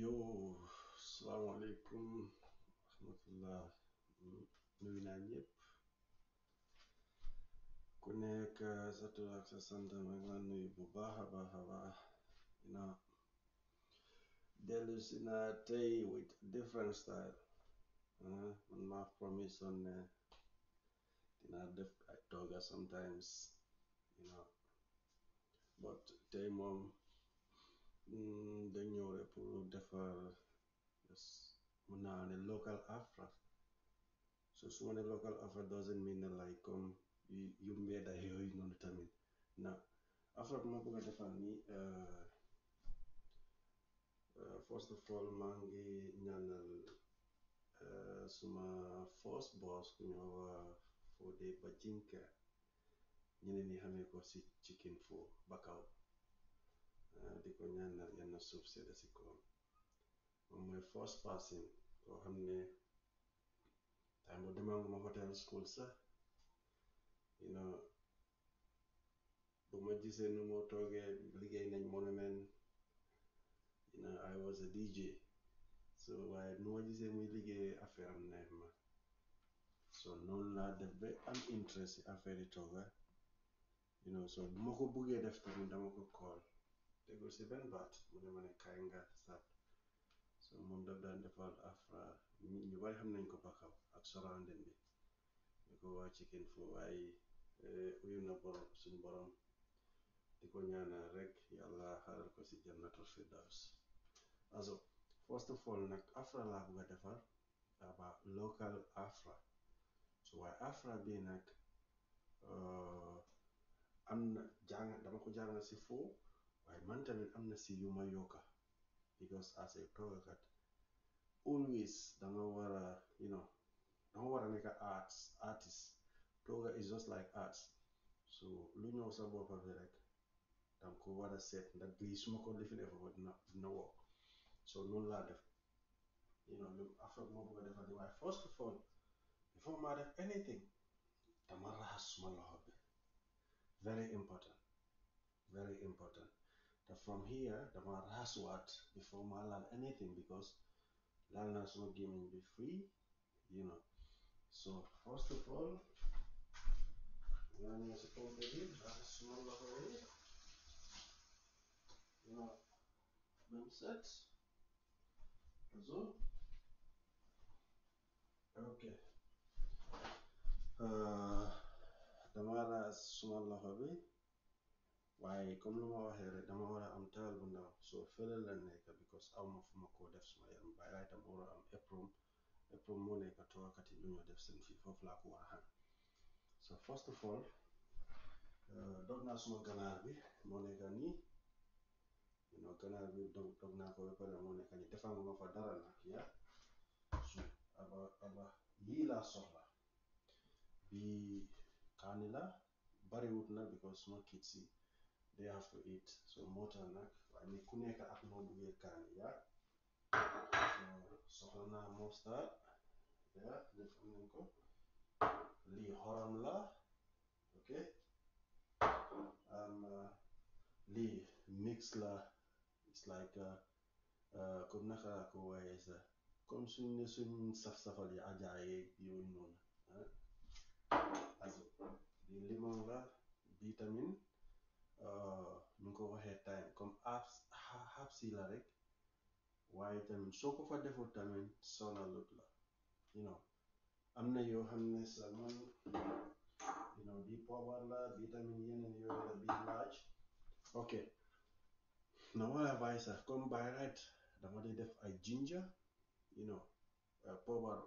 yo salaamaaleykum rahmatullah nuyu naa ñëpp ku nekk sa tur sa sant ma nuyu bu baax a baax a baax na dellu si naa tey with different style ah, man maa promise on ne dinaa def ay tooga sometimes you know but tey moom Mm, dañ ñëw rek pour defar mun naa ne local afra so su ma ne local afra doesn't mean ne like comme yu mbedda yooyu noonu tamit na afra bi ma bëgg defar nii eh, eh, first of all maa ngi ñaanal eh, suma first boss ku ñoo waa Fodé Bajinka ñeneen ñi xamee ko si chicken fo Bakaw Ah, di ko ñaanal yenn suuf si kawam moom mooy first person koo xam ne time bu demaguma hotel school sax you know bu ma gisee moo toogee liggéey nañ monument you know I was a DJ so waaye nu ma gisee muy liggéey affaire am neex ma so noonu laa def ba am interest si affaire yi tooga you so bu ma ko buggee def tegorsiden baat mu ne ma ne kaay nga start so moom daf daan defal afra ñu bari xam nañ ko bakaw ak soranden bi di ko waa cikin fo waaye eh, uyu na borom suñ borom di ko ñaanal rek yàlla xaaral ko si jannatul firdaus also first of all nag afra laa bëgg a defar aba local afra so waaye afra bi nag eh, am na jàng dama ko jàng si foo While Mantan and Amnesty Yuma Yoka, because as a product, always Dangawara, you know, Dangawara like arts, artists. Proga is just like arts. So Lunya like, about Paverek, Dangawara said that Glees Moko living in na work. So no lad, you know, the Moko, whatever they were. First of all, before matter anything, Tamara has small hobby. Very important. Very important from here the man has what before man learn anything because learners is not me be free you know so first of all to يعني يسكون بديل بحس ما الله غير هنا So okay. اوكي آه دمارة اسم الله بيه waye komlumo o here dama ora am tawal bunda so fele lanne ka because aw ma fuma ko def sma yam bayrayta moro am eprom eprom mo ne ka to wakkati ɗum yo def sen fi foof la ko wona han so first of all uh, dogna suma ganar bi mo ne ka ni no ganar bi dogna ko be pare mo ne ka ni defama ma fa dara na ya su aba aba yi la sohla bi kani la bari wut na because ma kitsi they have to eat so moo nak nag waaye ni ku nekk ak noo buggee ya so soxla naa mustard ya ni am nañ ko lii xorom la ok am um, uh, lii mix la it's like comme uh, uh, naka laa ko waaye sa comme suñ ne suñ saf-safal yi ajaaye yooyu noonu ah lii limon la vitamine Uh, nu nga ko waxee time comme apps apps la rek waaye tamit soo ko fa deful tamit sonalut la you know am na yoo xam ne sa man you know bi pobar la bi tamit yeneen yooyu la bi laaj ok na wala bàyyi sax comme by right dama dee def ay ginger you know uh, pobar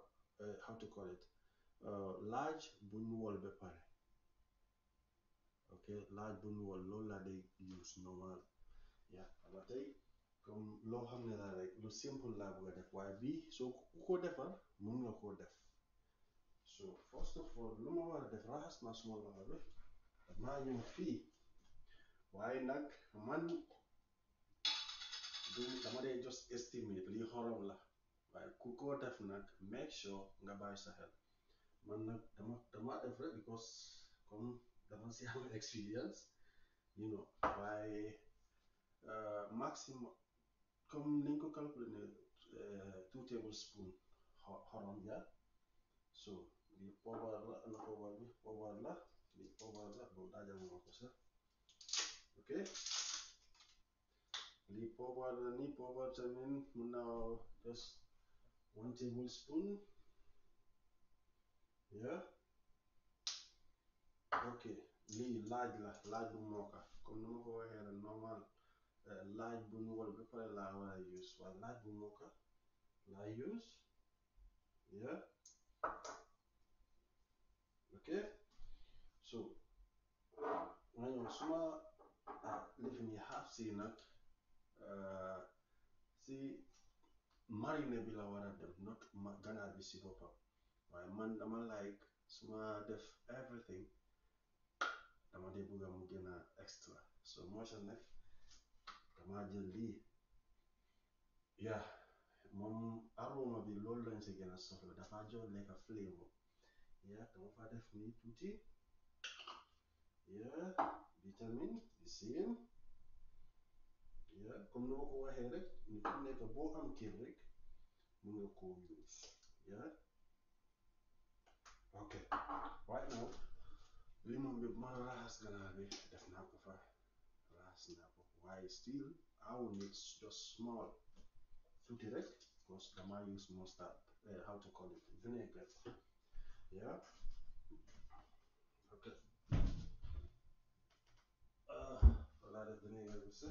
uh, how to call it laaj buñ wol ba pare bu laat doen loolu laa de use normal Ya, amma tey comme loo xam ne la rek lu simple laa bëgg a def waaye bii soo ko defar mun nga koo def. So first of all lu ma war a def raxas naa suma loxo bi damaa ñëw fii waaye nag man du dama dee just estimate lii xorom la waaye ku ko def nag make sure nga bàyyi sa xel man nag dama dama def rek because comme the ones you experience, you know, by uh, maximum comme nañ ko calculer euh, two tablespoon xorom ya so bi power la na power bi power la bi power la bo dajal nga ko sax ok li power la ni pobar tamit mun naa just one tablespoon yeah ok lii laaj la laaj bu mooka comme nu ma ko waxee la normal eh, laaj bu ñu wol ba pare laa war a use waaye laaj bu mooka laa use yeah ok so nga ñëw suma lifi ah, nii half si nag eh, si marine bi la war a dem not ganaar bi si boppam waaye man dama like suma def everything dama dee bëgga mu ah, extra so motion ca nekk dama ya moom aroma bi loolu lañ si gën a soxla dafa flavor ya dama fa def nii tuuti ya vitamin di ya comme no ma ko waxee rek ni ku nekk boo am kër rek nga use ya ok man Ras gonna be definitely I prefer Ras Napo. Why still I will need just small fruit direct because the man use mustard uh, how to call it vinegar. Yeah. Okay. Uh, a lot of vinegar, you see.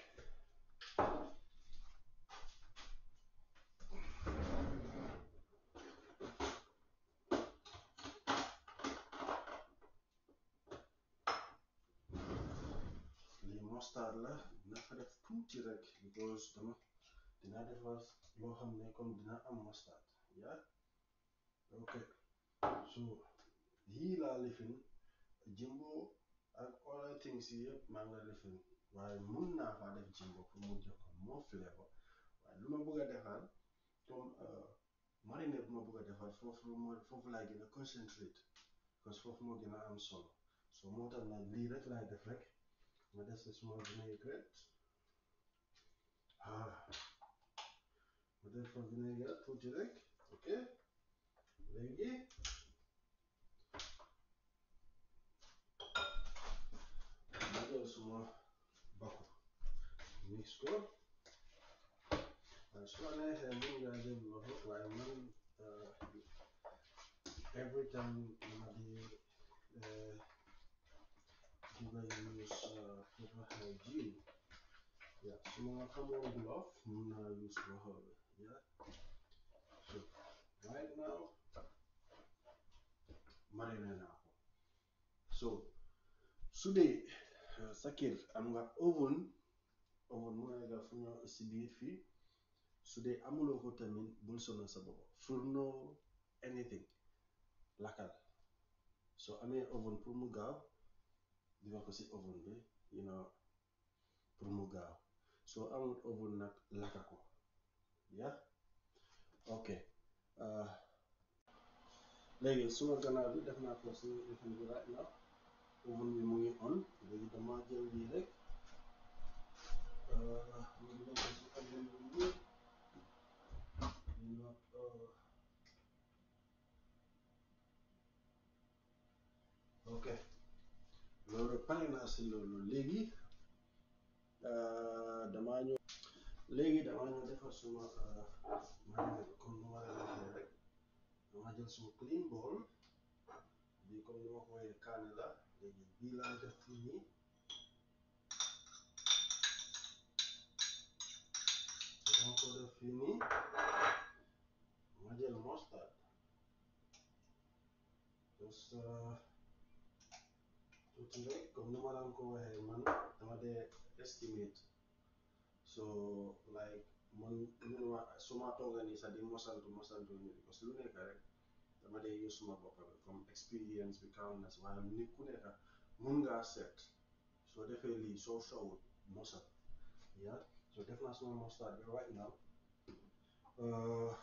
constat la dinaa fa def tuuti rek because dama dinaa defar loo xam ne comme dina am mustard yaa ok so yii laa lifin jimbo ak all things yi yëpp maa ngi la lifin waaye mun naa faa def jimbo pour mu jox ko moo flavor waaye lu ma bëgg a defar comme euh, marine bu ma bëgg defar foofu foofu laa gën a concentrate parce que foofu moo gën a am solo so moo tax nag lii rek laay def rek Now this is more vinaigrette. Ah. Model for vinaigrette, what do you think? Okay. Veggie. Model some bakku. Mix ko. Ashwana hemin gaje bloho kwa iman every time madi uh, given Mwen wak haji. Ya, si mwen wak hamon wak mwen wak. Mwen wak haji. Right now. Mwen wak haji. So, soude. Euh, sakir, mwen e wak oven. Oven mwen wak foun wak SDFE. Soude, amon wak hotanmen. Boun sonan sa bo. Foun nou anything. Lakar. So, ame oven pou mwen gav. Diva kosi oven be. you know pour mu gaaw soo amul oven nag lakka ko yeah ok euh, léegi suma gannaaw bi def naa ko si oven bi right now oven bi mu ngi on léegi dama jël lii rek ñu euh, ngi euh. okay loolu pare na si loolu legi damaa ñëw léegi damaa suma management rek clean bowl bi comme ni ma ko la léegi bii laa dama ko def fii nii mustard terus. Eh, Utenrikk, om når herman, kommer her, estimate. So, like, man, suma organisa di mosantu mosantu ni, because lu nekka rek, dama dee use suma boppa from experience we count as, si, maanaam nit ku nekka mun set, yeah? so def naa suma mostard right now, uh,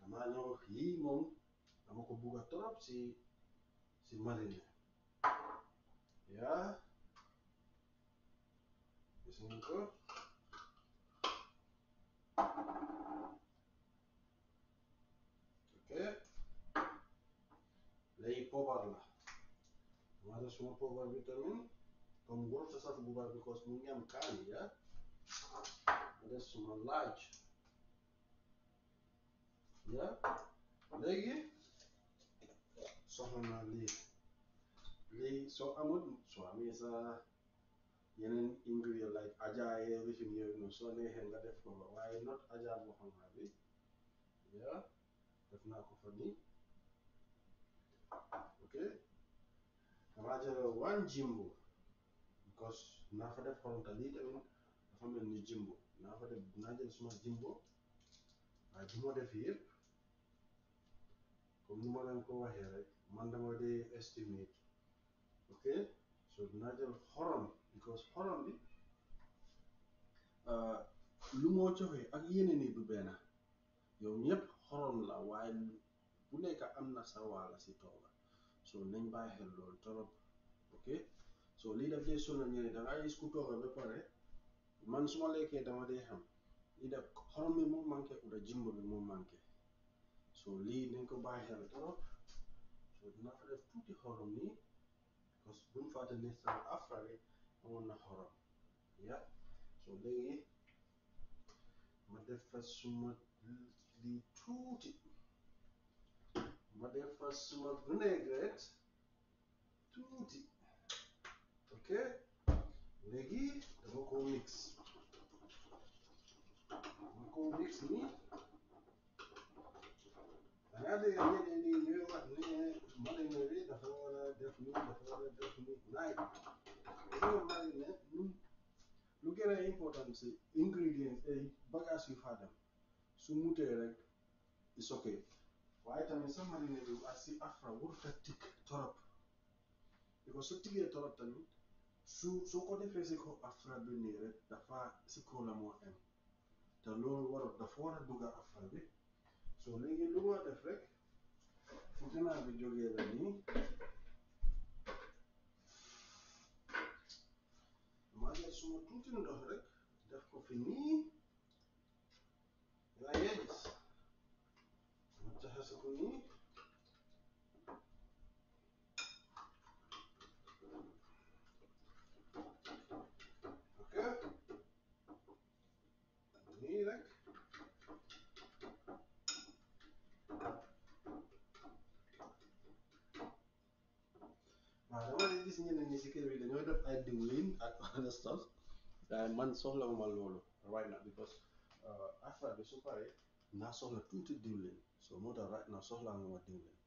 dama ñëw yii si si marine ya disengke oke lagi power lah ada semua power vitamin pengurus asal bubar di kos minyak kali ya ada semua large ya lagi sohna nanti li ya, so amul so amé sa yeneen ingredient like aja ye lifin yooyu noonu soo neexee nga def ko waaye not aja boo xam naa bi ya def naa ko fa ok damaa jël one jimbo because naa fa def xoronta lii tamit dafa mel ni jimbo naa fa def naa jël suma jimbo waaye du def yëpp comme nu ma ko waxee man dama dee estimate Okay, so najal horam because horam bi eh, lu moo joxe ak yeneen yi du benn yow ñëpp xorom la waaye bu nekk am na sa waala si tooga so nañ bàyyi xel loolu torop ok so lii daf dee sonal ñu ne da ngay gis ku tooga ba pare man su ma lekkee dama dee xam lii daf xorom bi moo manqué uda jimbo bi moo manqué so lii nañ ko bàyyi xel torop so dina fa def tuuti xorom nii بنفعة اللي هي أفرعي قلنا حرام يا شولي ما دفع سما لي توتي ما دفع سما vinaigrette توتي okay léegi dama mix dama mix nii dangaa dégg ñi lu gëna important c' est ingrédients ay bagage yu faa dem su mutee rek is ok waaye tamit sa marine bi ak si afra wër ta tig torop di ko su tigee torop tamit su soo ko defee si ko afra bi nii rek dafa si ko la moo em te loolu waral dafa war a dugg afra bi so léegi lu ma def rek fu ginnaar bi jógee la nii suma tuuti ndox rek def ko fi nii waaye gis ma jaxase ko nii the stuff. waaye man soxlawu ma loolu right now because after the su na naa soxla tuuti diwlin so more than right now soxlaa nga ma diwlin